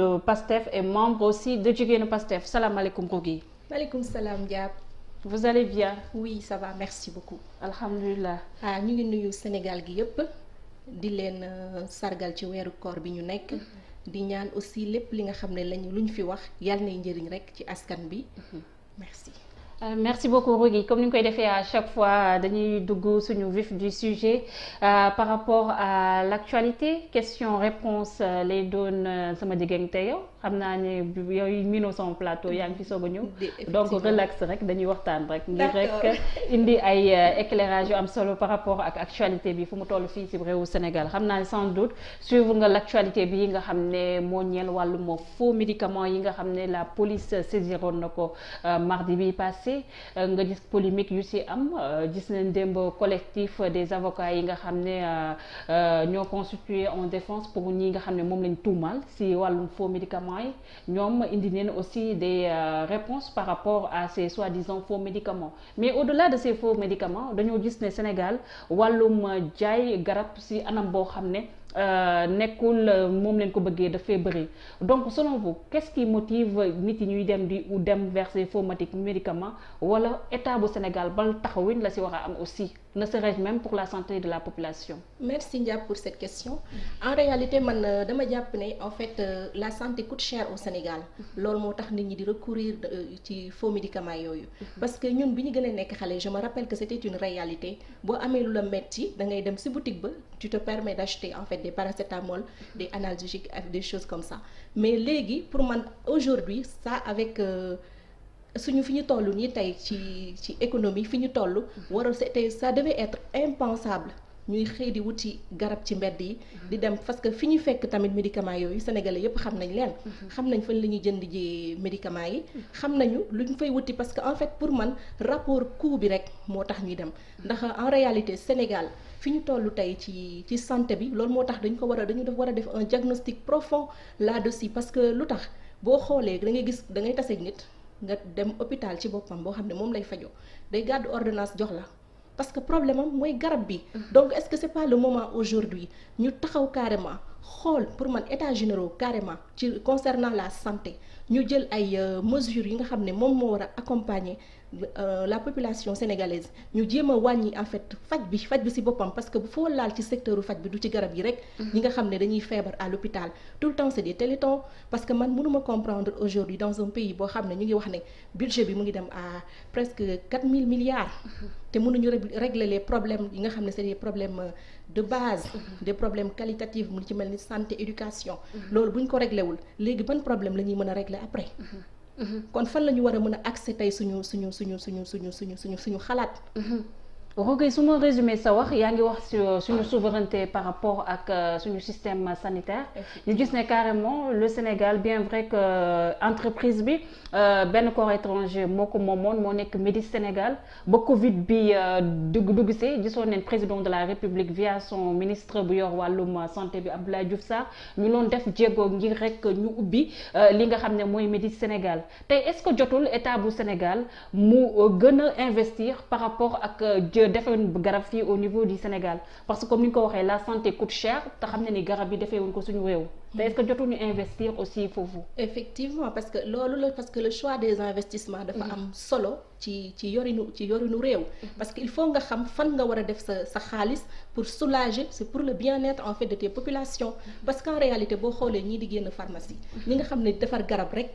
de PASTEF et membre aussi de Jigéenu PASTEF salaamaaleykum kooku yi. maaleykum salaam Diab. vous allez bien. oui merci beaucoup. alhamdulilah. ah ñu ngi nuyu senegal gi yëpp di leen euh, sargal ci weeru koor bi ñu nekk. Mm-hmm. di ñaan aussi lépp li nga xam ne lañu lu ñu fi wax yàlla nay njëriñ rekk ci askan bi. Mm-hmm. merci. Euh, merci beaucoup Rougui comme ni ñu koy defee à chaque fois dañuy dugg suñu vif du sujet euh, par rapport a l'actualité question réponse euh, lay doon sama jigéen tey yow xam naa ne yooyu miinoo sama plateau yaa ngi fi soog a ñëw donc relax rek dañuy waxtaan rek ngir rek indi ay éclairage yu am solo par rapport ak actualité bi fu mu toll fii ci réewu Sénégal xam naa ne sans doute suivre nga l'actualité bi nga xam ne moo ñeel wàllu moo fo médicaments yi nga xam ne la police saisiroon na ko passé euh, nga gis polémique yu si am euh, gis nañ démb collectif des avocats yi nga xam ne euh, ñoo constitué en défense pour ñi nga xam ne moom lañ tuumaal si wàllum faux médicaments yi ñoom indi neen aussi des réponses par rapport à ces soi-disant faux médicaments mais au-delà de ces faux médicaments dañoo gis ne Sénégal wàllum jaay garab ci anam boo xam ne Euh, nekkul euh, moom leen ko bëggee dafay bëri donc selon vous qu'est-ce qui motive nit yi ñuy dem di ou dem vers ces pharmacies médicaments wala état bu Sénégal bal taxawin la si war a am aussi ne serait-ce même pour la santé de la population merci Ndiab pour cette question en réalité man euh, dama jàpp ne en fait euh, la santé coûte cher au Sénégal loolu moo tax nit ñi di recourir euh, ci faux médicaments yooyu parce que ñun bi ñu gën a nekk xale je me rappelle que c'était une réalité boo amee lu la metti da ngay dem ci boutique ba tu te permets d'acheter en fait des paracétamol des analgésiques des choses comme ça mais léegi pour man aujourd'hui ça avec euh, suñu fi ñu toll nii tey ci ci économie fi ñu toll waral tey ça devait être impansable ñuy xëy di wuti garab ci mbedd yi di dem parce que fi ñu fekk tamit médicament yooyu sénégalais yépp xam nañ leen xam nañ fan la ñuy jënd ji médicament yi xam nañu luñ fay wuti parce que en fait pour man rapport coût bi rek moo tax ñuy dem ndax en réalité Sénégal fi ñu toll tey ci ci santé bi loolu moo tax dañ ko war a dañu def war a def un diagnostic profond là-dessus parce que lu tax boo xoolee da ngay gis da ngay taseeg nit nga dem hôpital ci boppam boo xam ne moom lay fajoo day gàddu ordonnance jox la parce que problème am mooy garab bi. Mm. donc est-ce que c'est pas le moment aujourd'hui ñu taxaw carrément xool pour man état généro carrément ci concernant la santé. ñu jël ay euh, mesures yi nga xam ne moom moo war a accompagner euh, la population sénégalaise ñu jéem a wàññi en fait faj bi faj bi ci boppam parce que foo laal ci secteur faj bi du ci garab yi rek. Mm-hmm. ñi nga xam ne dañuy feebar à l'hôpital tout le temps c'est des téléthons parce que man mënuma comprendre aujourd'hui dans un pays boo xam ne ñu ngi wax ne budget bi mu ngi dem à presque mille milliards. Mm-hmm. te mënuñu régler les problèmes yi nga xam ne seen des problèmes euh, de base. Mm-hmm. des problèmes qualitatifs mu ci mel ni santé éducation. loolu bu ko réglé léegi ban problème la ñuy mën a régler après. Mm-hmm. Mm-hmm. kon fan la ñu war a mën a accès tey suñu suñu suñu suñu suñu suñu suñu suñu xalaat. Mm-hmm. Rogué su ma résumé sa wax yaa ngi wax sur suñu souveraineté par rapport ak euh, suñu système sanitaire ñu gis ne carrément le Sénégal bien vrai que euh, entreprise bi euh, benn corps étranger moo ko moomoon moo nekk Médis Sénégal ba Covid bi dugg dugg see gisoon neen président de la République via son ministre bu yor wàllum santé bi Abdoulaye Diouf Sarr ñu loon def jéego ngir rek ñu ubbi li nga xam ne mooy Médis Sénégal tey est jotul état bu Sénégal mu gën a defewuñ garab fii au niveau du Sénégal parce que comme ni ñu ko waxee la santé coûte cher te xam ne ni garab yi defewuñ ko suñu réew te est-ce jotuñu investir aussi foofu effectivement parce que loolu la parce que le choix des investissements dafa mm-hmm. am solo ci ci yorinu ci yorinu réew mm-hmm. parce que il faut nga xam fan nga war a def sa sa xaalis pour soulager c'est pour le bien-être en fait de tes populations mm-hmm. parce réalité boo xoolee ñii di génn pharmacie ñi nga xam ne defar garab rek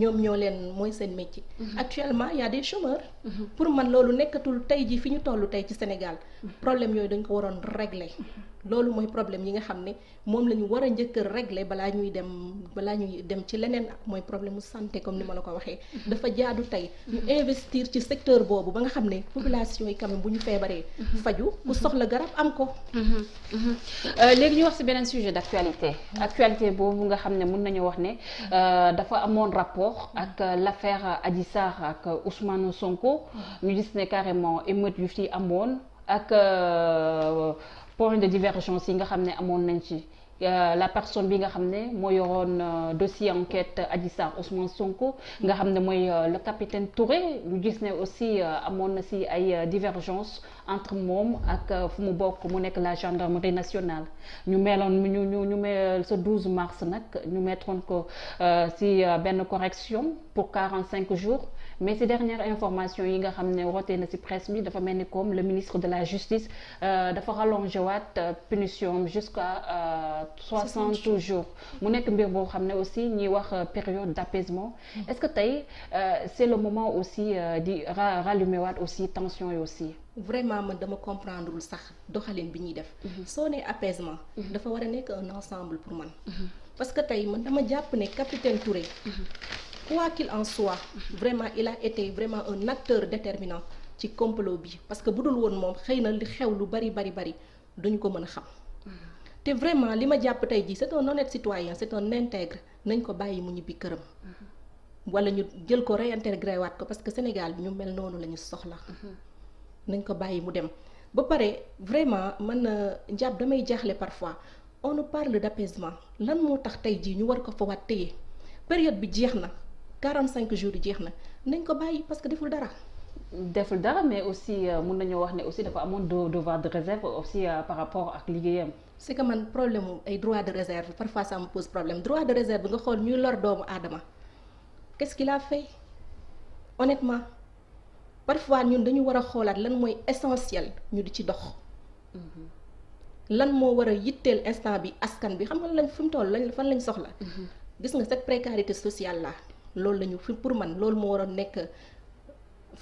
ñoom ñoo leen mooy seen métier. Mhm. actuellement y a des chômeurs. Mhm. pour man loolu nekkatul tey ji fi ñu toll tey ci Sénégal mhm. problème yooyu dañ ko waroon régler loolu mooy problème yi nga xam ne moom la ñu war a njëkk a régler balaa ñuy dem balaa ñuy dem ci leneen mooy problème mu santé comme ni ma la ko waxee. dafa jaadu tey ñu investir ci secteur boobu ba nga xam ne population yi quand même bu ñu feebaree. faju ku soxla garab am ko. Euh, léegi ñu wax ci beneen sujet d'actualité actualité boobu nga xam ne mën nañu wax euh, rapport ak euh, l'affaire Adji Sarr ak euh, Ousmane Sonko ñu gis ne carrément émeute yu fi amoon ak euh, point de divergence si nga xam ne amoon nañ ci Euh, la personne bi nga xam ne moo yoroon euh, dossier enquête Adji Sarr Ousmane Sonko nga xam ne mooy euh, le capitaine Touré ñu gis ne aussi amoon na si ay divergence entre moom ak fu mu bokk mu nekk la gendarmerie nationale ñu meloon ñu ñu ñu mel ce 12 mars nag ñu mettoon ko si benn correction pour cinq jours mais ci dernière information yi nga xam ne rotee na ci presse bi dafa mel ni comme le ministre de la justice euh, dafa rallongé waat euh, punition jusqu'à euh, soixante jours mu nekk mbir boo xam ne aussi ñuy wax période d'apaisement mm. est-ce que tey c'est le moment aussi di ra rallumer waat aussi tension yi aussi vraiment man dama comprendrewul sax doxalin bi ñuy def mm-hmm. soo nee apaisement mm-hmm. dafa war a nekk un ensemble pour man mm-hmm. parce que tey man dama jàpp ne capitaine Touré quoi qu'il en soit vraiment il a été vraiment un acteur déterminant ci complot bi parce que bu dul woon moom xëy na li xew lu bari bari bari duñu ko mën a xam te vraiment li ma jàpp tey jii seton un honnête citoyen c'est un intègre nañ ko bàyyi mu ñibbi këram wala ñu jël ko réintégré waat ko parce que Sénégal bi ñu mel noonu la soxla nañ ko bàyyi mu dem ba pare vraiment mën na euh, njàpp damay jaaxle parfois on nous parle d'apaisement lan moo tax tey jii ñu war ko fa waat période bi jeex na 45 jours jeex na nañ ko bàyyi parce que deful dara. deful dara mais aussi euh, mun nañoo wax ne aussi dafa amoon devoir de réserve aussi euh, par rapport ak liggéeyam. c'est que man problème mu ay droit de réserve parfois ça me pose problème droit de réserve nga xool ñuy lor doomu aadama qu'est-ce qu'il a fait parfois ñun dañu war a xoolaat lan mooy essentiel ñu di ci dox. Mm-hmm. lan moo war yitteel instant bi askan bi xam nga lañ fi mu toll lañ fan lañ soxla. Mm-hmm. gis nga cette précarité sociale là. loolu la ñu fi pour man loolu moo waroon nekk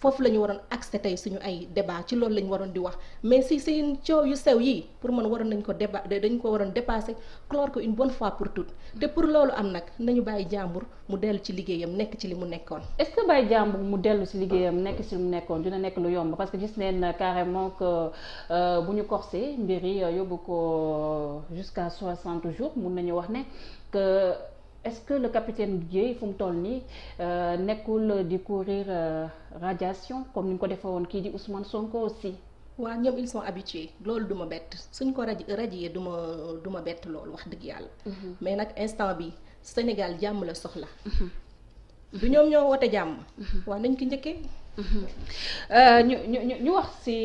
foofu la ñu waroon accès tey suñu ay débat ci loolu la waroon di wax mais si seen coow yu sew yi pour man waroon nañ ko débat dañ ko waroon dépasser clore ko une bonne fois pour toutes te pour loolu am nag nañu bàyyi jàmbur mu dellu ci liggéeyam nekk ci li mu nekkoon. est-ce que bàyyi jàmbur mu dellu ci liggéeyam ah. nekk ci li mu nekkoon dina nekk lu yomb parce que gis neen carrément que euh, bu ñu corsé mbir yi yóbbu ko euh, jusqu'à soixante jours mun nañu wax ne est-ce que le capitaine Guèye fu mu toll nii euh, nekkul di courir euh, radiation comme ni ñu ko defee woon kii di Ousmane Sonko aussi. waa ñoom il sont habitués loolu du ma bett suñ ko rajo rajee du ma du ma bett loolu wax dëgg yàlla. Mhm. mais nag instant bi Sénégal jàmm la soxla. Mhm. du ñoom ñoo woote jàmm. Mhm. waaw nañ ko njëkkee. Euh, ñu ñu ñu wax ci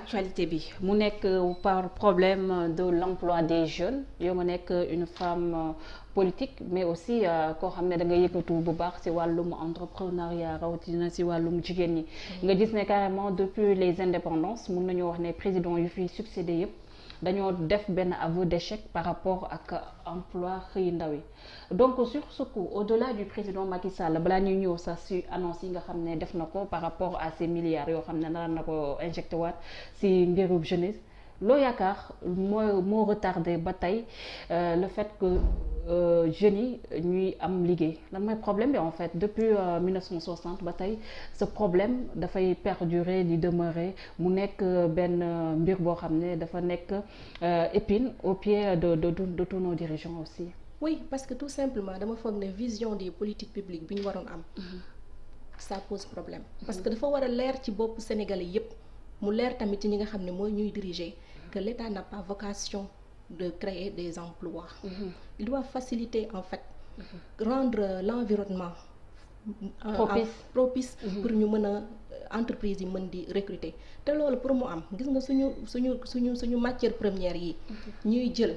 actualité bi mu nekk par problème de l'emploi des jeunes yow nga nekk une femme euh, politique mais aussi euh, koo xam ne da nga yëkkatu bu baax ci wàllum entrepreneuriat rawatina ci wàllum jigéen ñi mm-hmm. nga gis ne carrément depuis les indépendances mun nañoo wax ne président yu fi succédé yëpp. dañoo def benn aveu d'échec par rapport ak emploi xëy ndaw yi donc sur ce coup au-delà du président Macky Sall balaa ñuy ñëw sax si annonce yi nga xam ne def na ko par rapport à ces milliards yoo xam ne naan na ko injecté waat si mbirum jeunesse. loo yaakaar moo moo retardé ba tey euh, le fait que euh, jeunes yi ñuy am liggéey lan mooy problème bi en fait depuis 1960 euh, ba tey sa problème dafay perdurer di demeurer mu nekk benn mbir boo xam ne dafa nekk épine au pied de de de tous nos dirigeants aussi. oui parce que tout simplement dama foog ne vision des politiques publiques bi ñu waroon am. Mm-hmm. ça pose problème. parce que dafa war a leer ci bopp Sénégalais yépp. mu leer tamit ci ñi nga xam ne mooy ñuy diriger que l'État n'a pas vocation de créer des emplois mm -hmm. il doit faciliter en fait mm -hmm. rendre l'environnement euh, propice propice mm-hmm. pour ñu mën a euh, entreprise yi mën di recruter te loolu pour mu am gis nga suñu suñu suñu suñu matière première yi mm-hmm. ñuy jël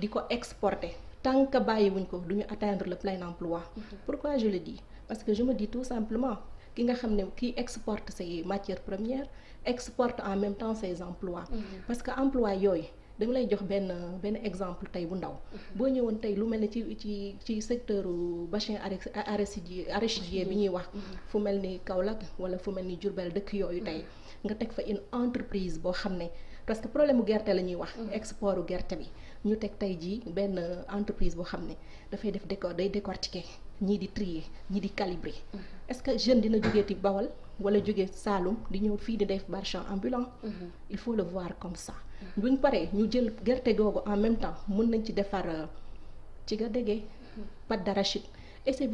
di ko exporter tant bàyyi wuñ ko du ñu atteindre la plein emploi mm-hmm. pourquoi je le dis parce que je me dis tout simplement ki nga xam ne kii exporte say matières première exporte en même temps ses emplois mhm. parce que emploi yooyu dama lay jox benn benn exemple tey bu ndaw mhm. boo ñëwoon tey lu mel ni ci ci ci secteur bassin arachidier arachidier bi ñuy wax mhm. fu mel ni Kaolack wala fu mel ni Diourbel dëkk yooyu tey nga teg fa une entreprise boo xam ne parce que problème gerte la ñuy wax export gerte bi ñu teg tey jii benn entreprise boo xam ne dafay def décor day décortiquer ñii di trier ñii di calibrer est-ce que jeune dina jógee ti Bawol wala jógee Saalum di ñëw fii di def marchand ambulant mhm. il faut le voir comme ça buñ paree ñu jël gerte googu en même temps mun nañ ci defar euh, ci nga déggee mhm. pâte d'arachide et c'est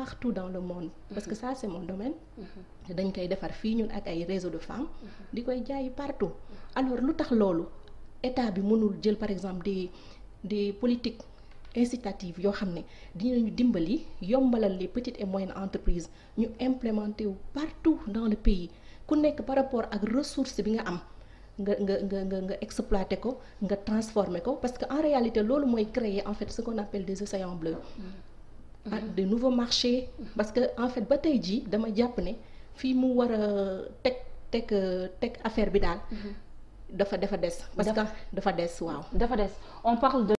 partout dans le monde parce que mhm. ça c'est mon domaine dañ koy defar fii ñun ak ay réseau de femmes di koy jaayi partout alors lu tax loolu état bi mënul jël par exemple di di politiques incitative yoo xam ne dinañu dimbali yombalal les petites et moyennes entreprises ñu implémenté wu partout dans le pays ku nekk par rapport ak ressource bi nga am nga nga nga nga nga exploité ko nga transformé ko parce que en réalité loolu mooy créer en fait ce qu'on appelle des océans bleus mm-hmm. ah de nouveau marché mm-hmm. parce que en fait ba tey jii dama jàpp ne fii mu war a teg teg teg affaire bi daal mm-hmm. dafa dafa des parce que dafa des waaw dafa des on parle de